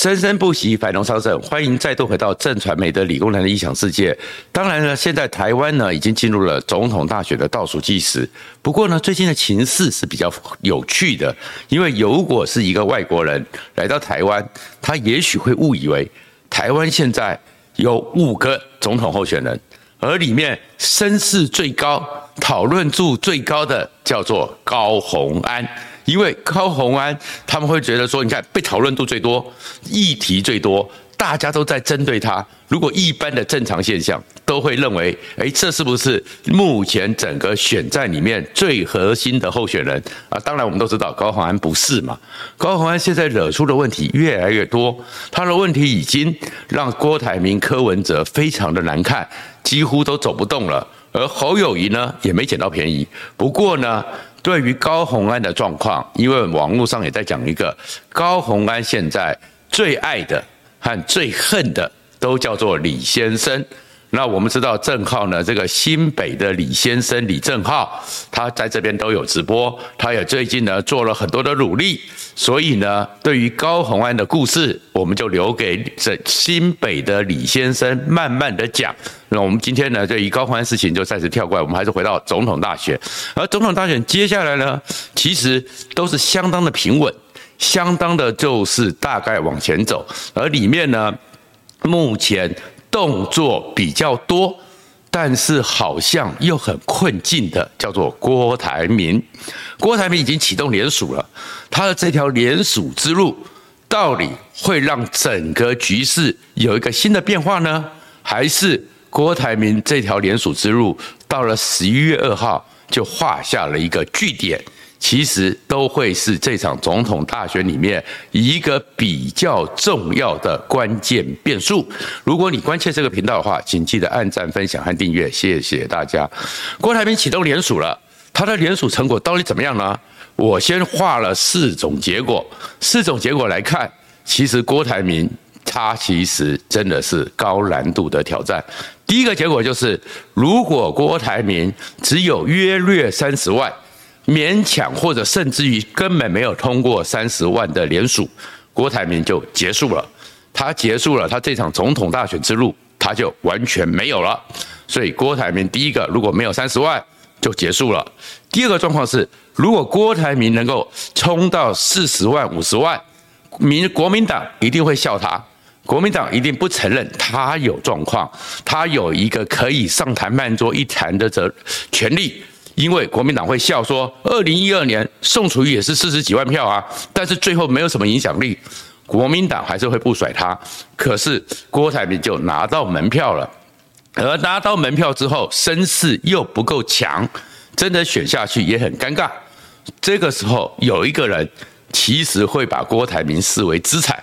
生生不息，繁榮昌盛。歡迎再度回到震傳媒的理工男的異想世界。當然呢，現在台灣呢已經進入了總統大選的倒數計時。不過呢，最近的情勢是比較有趣的，因為如果是一個外國人來到台灣，他也許會誤以為台灣現在有五個總統候選人，而裡面聲勢最高、討論度最高的叫做高虹安。因為高虹安，他們會覺得說，你看被討論度最多，議題最多，大家都在針對他。如果一般的正常現象，都會認為，誒，這是不是目前整個選戰裡面最核心的候選人啊？當然，我們都知道高虹安不是嘛。高虹安現在惹出的問題越來越多，他的問題已經讓郭台銘、柯文哲非常的難看，幾乎都走不動了。而侯友宜呢，也沒撿到便宜。不過呢，對於高虹安的狀況，因為網絡上也在講一個，高虹安現在最愛的和最恨的都叫做李先生。那我們知道正皓呢，這個新北的李先生李正皓，他在這邊都有直播，他也最近呢做了很多的努力，所以呢，對於高虹安的故事，我們就留給這新北的李先生慢慢的講。那我們今天呢，對於高虹安的事情就暫時跳過，我們還是回到總統大選，而總統大選接下來呢，其實都是相當的平穩，相當的就是大概往前走，而裡面呢，目前。動作比較多，但是好像又很困境的，叫做郭台銘。郭台銘已經啟動聯署了，他的這條聯署之路，到底會讓整個局勢有一個新的變化呢？還是郭台銘這條聯署之路，到了十一月二號就畫下了一個句點？其實都會是這場總統大選裡面一個比較重要的關鍵變數。如果你關切這個頻道的話，請記得按讚、分享和訂閱，謝謝大家。郭台銘啟動聯署了，他的聯署成果到底怎麼樣呢？我先畫了四種結果，四種結果來看，其實郭台銘他其實真的是高難度的挑戰。第一個結果就是，如果郭台銘只有約略三十萬。勉強或者甚至於根本沒有通過三十萬的聯署，郭台銘就結束了。他結束了他這場總統大選之路，他就完全沒有了。所以郭台銘第一個如果沒有三十萬就結束了。第二個狀況是，如果郭台銘能夠衝到四十萬五十萬，民國民黨一定會笑他，國民黨一定不承認他有狀況，他有一個可以上談判桌一談的權利。因為國民黨會笑說，二零一二年宋楚瑜也是四十幾萬票啊，但是最後沒有什麼影響力，國民黨還是會不甩他。可是郭台銘就拿到門票了，而拿到門票之後，聲勢又不夠強，真的選下去也很尷尬。這個時候有一個人，其實會把郭台銘視為資產，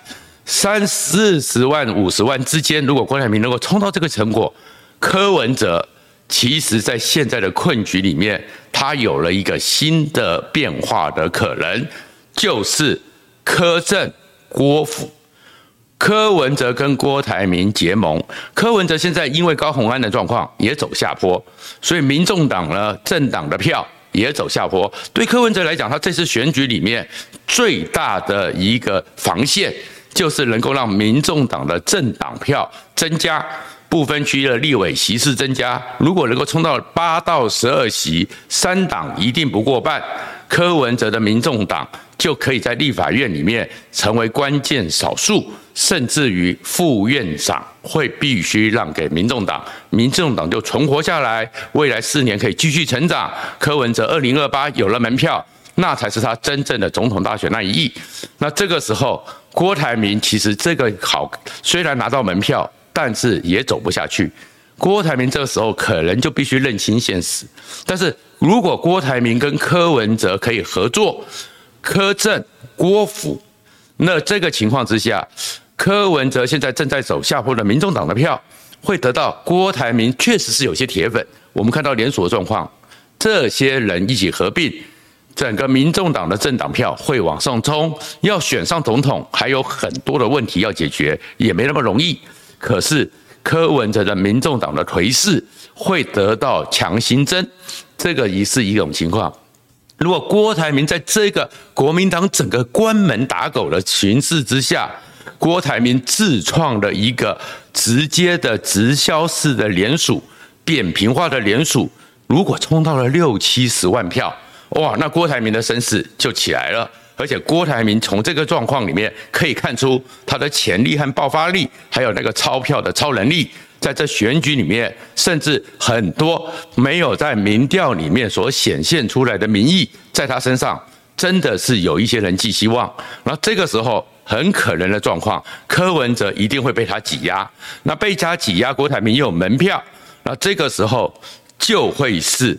三四十萬、五十萬之間，如果郭台銘能夠衝到這個成果，柯文哲。其實，在現在的困局裡面，他有了一個新的變化的可能，就是柯正郭府，柯文哲跟郭台銘結盟。柯文哲現在因為高虹安的狀況也走下坡，所以民眾黨呢，政黨的票也走下坡。對柯文哲來講，他這次選舉裡面最大的一個防線，就是能夠讓民眾黨的政黨票增加。不分區的立委席次增加，如果能夠衝到八到十二席，三黨一定不過半，柯文哲的民眾黨就可以在立法院裡面成為關鍵少數，甚至於副院長會必須讓給民眾黨，民眾黨就存活下來，未來四年可以繼續成長。柯文哲二零二八有了門票，那才是他真正的總統大選那一役。那這個時候，郭台銘其實這個好，雖然拿到門票。但是也走不下去，郭台銘這個時候可能就必須認清現實。但是如果郭台銘跟柯文哲可以合作，柯正、郭府，那這個情況之下，柯文哲現在正在走下坡的，民眾黨的票會得到郭台銘確實是有些鐵粉。我們看到連鎖狀況，這些人一起合併，整個民眾黨的政黨票會往上衝。要選上總統還有很多的問題要解決，也沒那麼容易。可是柯文哲的民眾黨的頹勢會得到強心針。這個也是一種情況。如果郭台銘在這個國民黨整個關門打狗的形勢之下，郭台銘自創了一個直接的直銷式的連署、扁平化的連署，如果衝到了六七十萬票，哇，那郭台銘的聲勢就起來了。而且郭台銘從這個狀況裡面可以看出他的潛力和爆發力，還有那個鈔票的超能力，在這選舉裡面，甚至很多沒有在民調裡面所顯現出來的民意，在他身上真的是有一些人寄希望。那這個時候很可能的狀況，柯文哲一定會被他擠壓。那被他擠壓，郭台銘也有門票，那這個時候就會是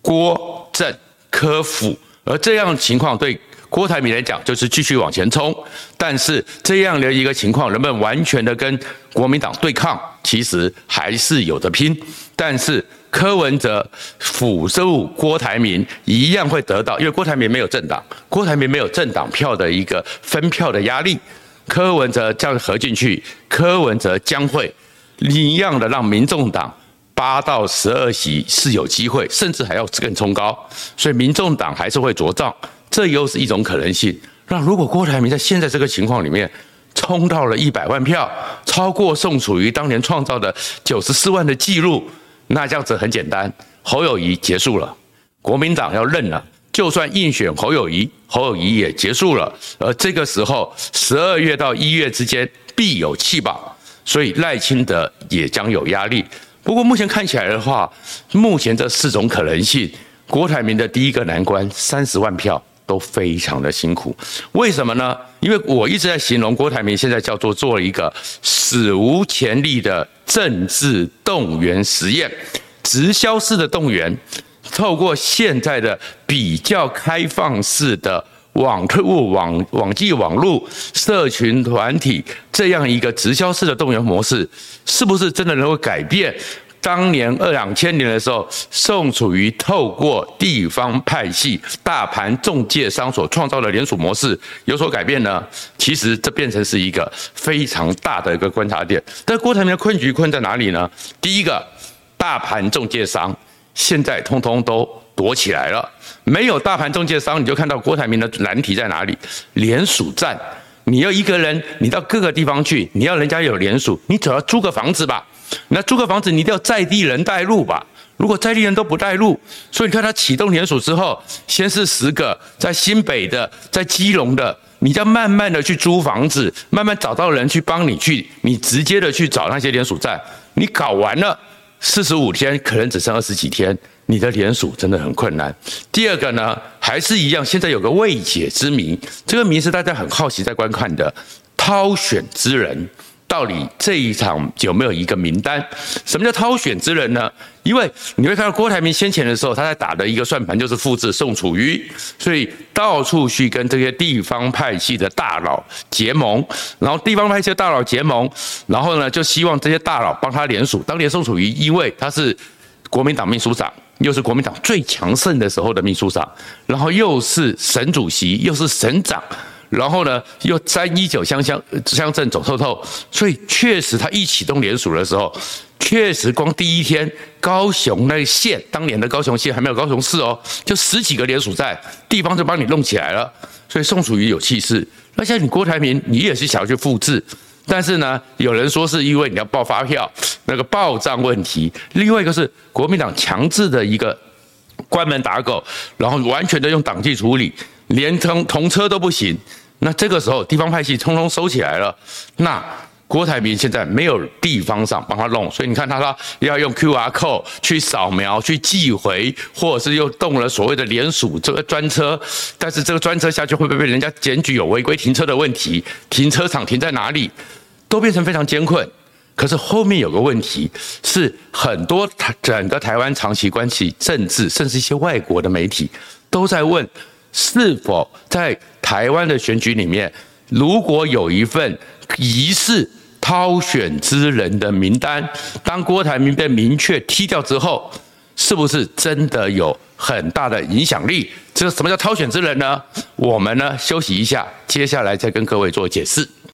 郭正柯輔，而這樣的情況對。郭台銘來講，就是繼續往前衝。但是這樣的一個情況，人們完全的跟國民黨對抗，其實還是有的拼。但是柯文哲輔助郭台銘，一樣會得到，因為郭台銘沒有政黨，郭台銘沒有政黨票的一個分票的壓力。柯文哲這樣合進去，柯文哲將會一樣的讓民眾黨八到十二席是有機會，甚至還要更衝高，所以民眾黨還是會茁壯。這又是一種可能性。那如果郭台銘在現在這個情況裡面衝到了一百萬票，超過宋楚瑜當年創造的九十四萬的記錄，那這樣子很簡單，侯友宜結束了，國民黨要認了。就算硬選侯友宜，侯友宜也結束了。而這個時候十二月到一月之間必有棄保，所以賴清德也將有壓力。不過目前看起來的話，目前這四種可能性，郭台銘的第一個難關三十萬票，都非常的辛苦，為什麼呢？因為我一直在形容郭台銘現在叫做做了一個史無前例的政治動員實驗，直銷式的動員，透過現在的比較開放式的網客務網網際網路社群團體這樣一個直銷式的動員模式，是不是真的能夠改變？當年二兩千年的時候，宋楚瑜透過地方派系、大盤仲介商所創造的聯署模式有所改變呢？其實這變成是一個非常大的一個觀察點。但郭台銘的困局困在哪裡呢？第一個，大盤仲介商現在通通都躲起來了，沒有大盤仲介商，你就看到郭台銘的難題在哪裡？聯署站，你要一個人，你到各個地方去，你要人家有聯署，你總要租個房子吧。那租個房子，你一定要在地人帶路吧。如果在地人都不帶路，所以你看他啟動連署之後，先是十個在新北的，在基隆的，你再慢慢的去租房子，慢慢找到人去幫你去，你直接的去找那些連署站。你搞完了四十五天，可能只剩二十幾天，你的連署真的很困難。第二個呢，還是一樣，現在有個未解之謎，這個謎是大家很好奇在觀看的，挑選之人。到底這一場有沒有一個名單？什麼叫挑選之人呢？因為你會看到郭台銘先前的時候，他在打的一個算盤就是複製宋楚瑜，所以到處去跟這些地方派系的大佬結盟，然後地方派系的大佬結盟，然後呢，就希望這些大佬幫他連署。當年宋楚瑜因為他是國民黨秘書長，又是國民黨最強盛的時候的秘書長，然後又是省主席，又是省長。然後呢，又三一九鄉鄉鄉鎮走透透，所以確實他一啟動聯署的時候，確實光第一天高雄那個縣，當年的高雄縣還沒有高雄市哦，就十幾個聯署站，地方就幫你弄起來了。所以宋楚瑜有氣勢。那現在你郭台銘，你也是想要去複製，但是呢，有人說是因為你要報發票那個報賬問題，另外一個是國民黨強制的一個關門打狗，然後完全的用黨紀處理，連同同車都不行。那這個時候，地方派系通通收起來了。那郭台銘現在沒有地方上幫他弄，所以你看，他說要用 QR code 去掃描、去寄回，或者是又動了所謂的聯署這個專車。但是這個專車下去會不會被人家檢舉有違規停車的問題？停車場停在哪裡，都變成非常艱困。可是後面有個問題是，很多台整個台灣長期關係、政治，甚至一些外國的媒體，都在問是否在。台灣的選舉裡面，如果有一份疑似挑選之人的名單，當郭台銘被明確踢掉之後，是不是真的有很大的影響力？這個什麼叫挑選之人呢？我們呢，休息一下，接下來再跟各位做解釋。